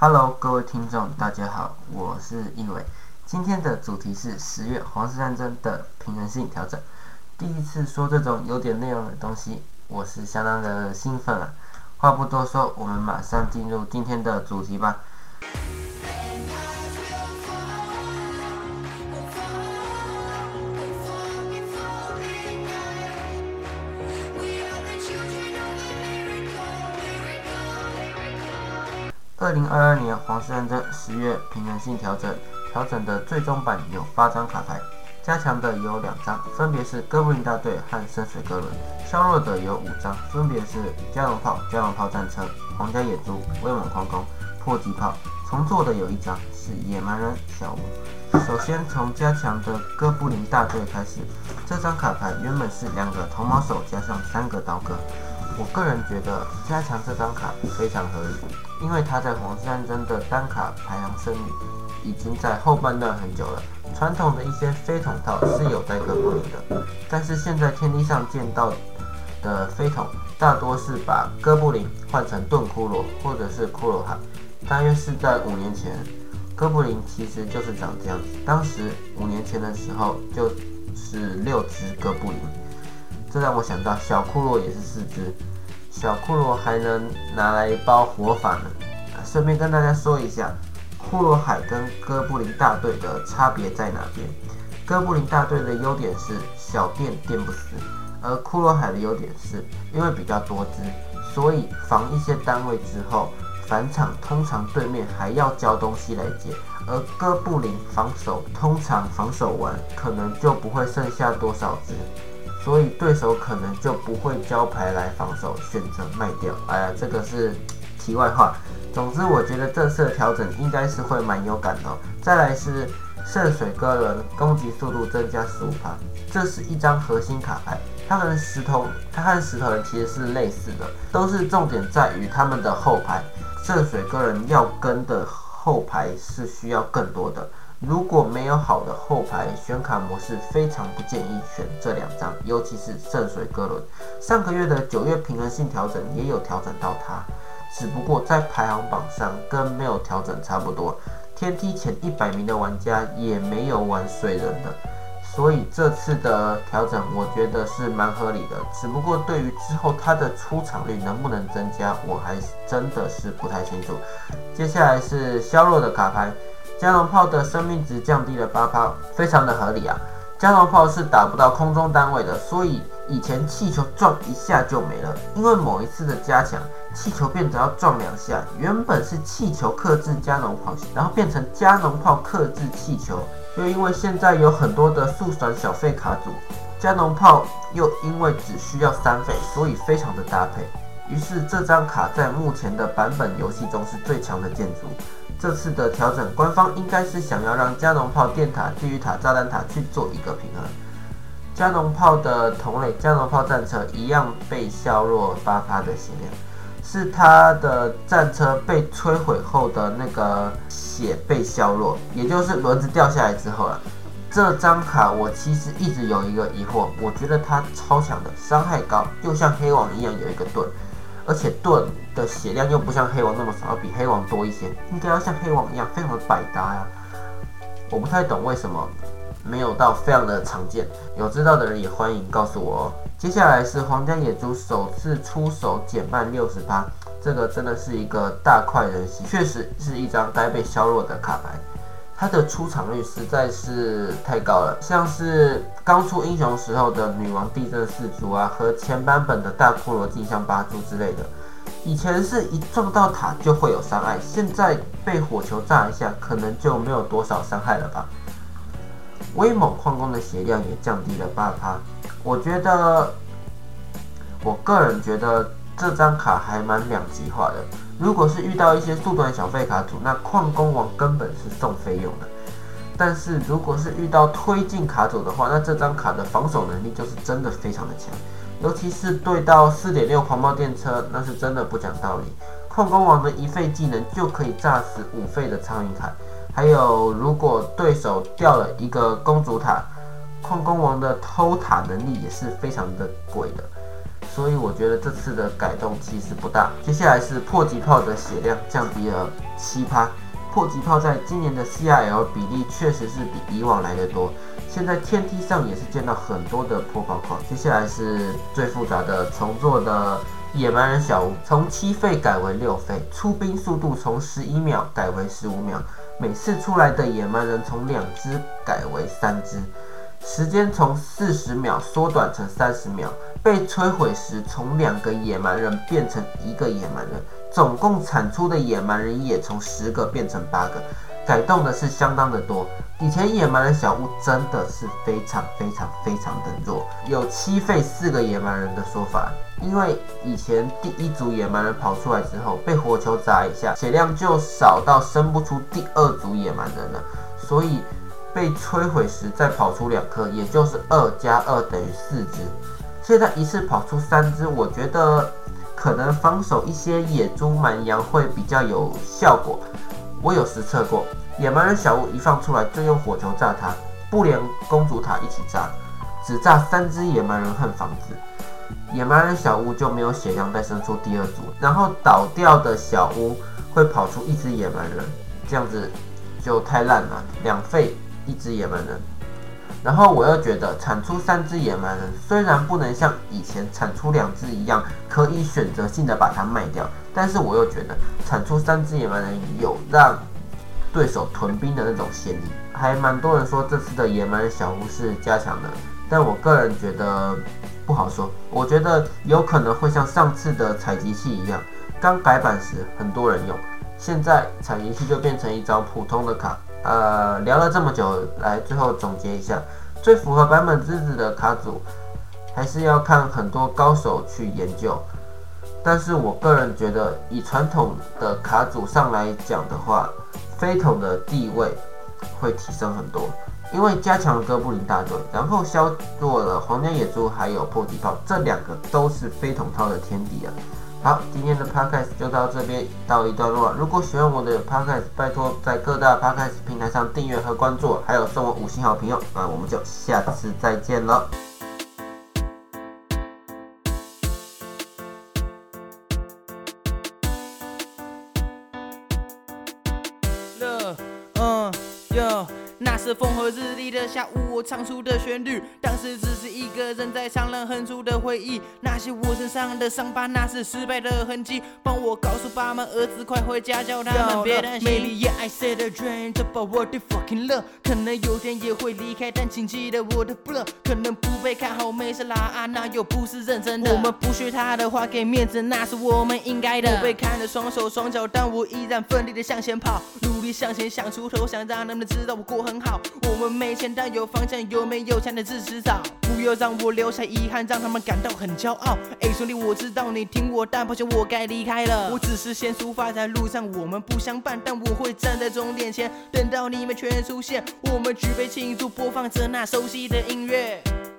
哈嘍，Hello, 各位聽眾，大家好，我是易偉。今天的主題是十月皇室戰爭的平衡性調整。第一次說這種有點內容的東西，我是相當的興奮啊！話不多說，我們馬上進入今天的主題吧。二零二二年皇室戰爭十月平衡性調整，調整的最終版有八張卡牌，加強的有兩張，分別是哥布林大隊和聖水哥倫；削弱的有五張，分別是加農炮、加農炮戰車、皇家野豬、威猛礦工、迫擊炮；重做的有一張，是野蠻人小屋。首先從加強的哥布林大隊開始，這張卡牌原本是兩個銅矛手加上三個刀哥。我個人覺得加強這張卡非常合理，因為它在《皇室戰爭》的單卡排行上，已經在後半段很久了。傳統的一些飛桶套是有帶哥布林的，但是現在天梯上見到的飛桶大多是把哥布林換成盾骷髏或者是骷髏海。大約是在五年前，哥布林其實就是長這樣子。當時五年前的時候，就是六隻哥布林。這讓我想到，小骷髏也是四隻，小骷髏還能拿來一包火法呢。啊，順便跟大家說一下，骷髏海跟哥布林大隊的差別在哪邊？哥布林大隊的優點是小電電不死，而骷髏海的優點是，因為比較多隻，所以防一些單位之後，返場通常對面還要交東西來解，而哥布林防守通常防守完可能就不會剩下多少隻。所以對手可能就不會交牌來防守，選擇賣掉。哎呀，這個是題外話。總之，我覺得這次的調整應該是會蠻有感的哦。再來是聖水哥人攻擊速度增加十五趴。這是一張核心卡牌。它和石頭，它和石頭人其實是類似的，都是重點在於他們的後排。聖水哥人要跟的後排是需要更多的。如果沒有好的後排，選卡模式非常不建議選這兩張，尤其是聖水哥倫。上個月的九月平衡性調整也有調整到它，只不過在排行榜上跟沒有調整差不多。天梯前一百名的玩家，也沒有玩水人的，所以這次的調整我覺得是蠻合理的。只不過對於之後它的出場率能不能增加，我還真的是不太清楚。接下來是削弱的卡牌。加農炮的生命值降低了八趴，非常的合理啊。加農炮是打不到空中單位的，所以以前氣球撞一下就沒了。因為某一次的加強，氣球變得要撞兩下。原本是氣球克制加農炮，然後變成加農炮克制氣球。又因，因為現在有很多的速閃小費卡組，加農炮又因為只需要三費，所以非常的搭配。於是這張卡在目前的版本遊戲中是最強的建築。這次的調整，官方應該是想要讓加農炮、電塔、地獄塔、炸彈塔去做一個平衡。加農炮的同類，加農炮戰車一樣被削弱8%的血量，是它的戰車被摧毀後的那個血被削弱，也就是輪子掉下來之後了。這張卡我其實一直有一個疑惑，我覺得它超強的傷害高，就像黑王一樣有一個盾。而且盾的血量又不像黑王那麼少，要比黑王多一些，應該要像黑王一樣非常的百搭呀、啊。我不太懂為什麼沒有到非常的常見，有知道的人也歡迎告訴我哦。接下來是皇家野豬首次出手減慢60%，這個真的是一個大快人心，確實是一張該被削弱的卡牌。它的出場率實在是太高了，像是剛出英雄時候的女王地震四豬啊，和前版本的大骷髏鏡像八豬之類的，以前是一撞到塔就會有傷害，現在被火球炸一下可能就沒有多少傷害了吧。威猛礦工的血量也降低了八趴，我覺得，我個人覺得這張卡還蠻兩極化的。如果是遇到一些速短小費卡組，那礦工王根本是送費用的。但是如果是遇到推進卡組的話，那這張卡的防守能力就是真的非常的強，尤其是對到四點六狂暴電車，那是真的不講道理。礦工王的一費技能就可以炸死五費的蒼蠅塔，還有如果對手掉了一個公主塔，礦工王的偷塔能力也是非常的鬼的。所以我覺得這次的改動其實不大。接下來是迫擊炮的血量降低了七趴。迫擊炮在今年的 CRL 比例確實是比以往來得多。現在天梯上也是見到很多的迫炮款。接下來是最複雜的重做的野蠻人小屋，從七費改為六費，出兵速度從十一秒改為十五秒，每次出來的野蠻人從兩隻改為三隻，時間從四十秒縮短成三十秒。被摧毀時，從兩個野蠻人變成一個野蠻人，總共產出的野蠻人也從十個變成八個，改動的是相當的多。以前野蠻人小屋真的是非常非常非常的弱，有七費四個野蠻人的說法，因為以前第一組野蠻人跑出來之後，被火球砸一下，血量就少到生不出第二組野蠻人了，所以被摧毀時再跑出兩顆，也就是二加二等於四隻。現在一次跑出三隻，我覺得可能防守一些野豬、蠻羊會比較有效果。我有實測過，野蠻人小屋一放出來就用火球炸它，不連公主塔一起炸，只炸三隻野蠻人和房子。野蠻人小屋就沒有血量再生出第二組，然後倒掉的小屋會跑出一隻野蠻人，這樣子就太爛了，兩費一隻野蠻人。然後我又覺得產出三隻野蠻人雖然不能像以前產出兩隻一樣可以選擇性的把它賣掉，但是我又覺得產出三隻野蠻人有讓對手屯兵的那種嫌疑，還蠻多人說這次的野蠻人小屋是加強的，但我個人覺得不好說，我覺得有可能會像上次的採集器一樣，剛改版時很多人用，現在採集器就變成一張普通的卡。呃，聊了這麼久，來最後總結一下，最符合版本之子的卡組，還是要看很多高手去研究。但是我個人覺得，以傳統的卡組上來講的話，飛桶的地位會提升很多，因為加強了哥布林大陣，然後削弱了皇家野豬還有迫擊炮，這兩個都是飛桶套的天敵啊。好，今天的 podcast 就到這邊告一段落了。如果喜歡我的 podcast，拜託在各大 podcast 平台上訂閱和關注，還有送我五星好評哦。那我們就下次再見了。嗯，喲，那是風和日。記得下午，我唱出的旋律，當時只是一個人在唱，那哼出的回憶。那些我身上的傷疤，那是失敗的痕跡。幫我告訴爸媽，兒子快回家，叫他們 Yo, 別擔心。可能有天也會離開，但請記得我的 b l o o 可能不被看好，沒事啦、啊，那又不是認真的。我們不學他的話，給面子，那是我們應該的。Yeah. 我被砍了雙手雙腳，但我依然奮力的向前跑。向前，想出頭，想讓他們知道我過很好。我們沒錢，但有方向。有沒有錢能自己找。不要讓我留下遺憾，讓他們感到很驕傲。哎，兄弟，我知道你聽我，但抱歉，我該離開了。我只是先出發，在路上我們不相伴，但我會站在終點前，等到你們全出現。我們舉杯慶祝，播放着那熟悉的音樂。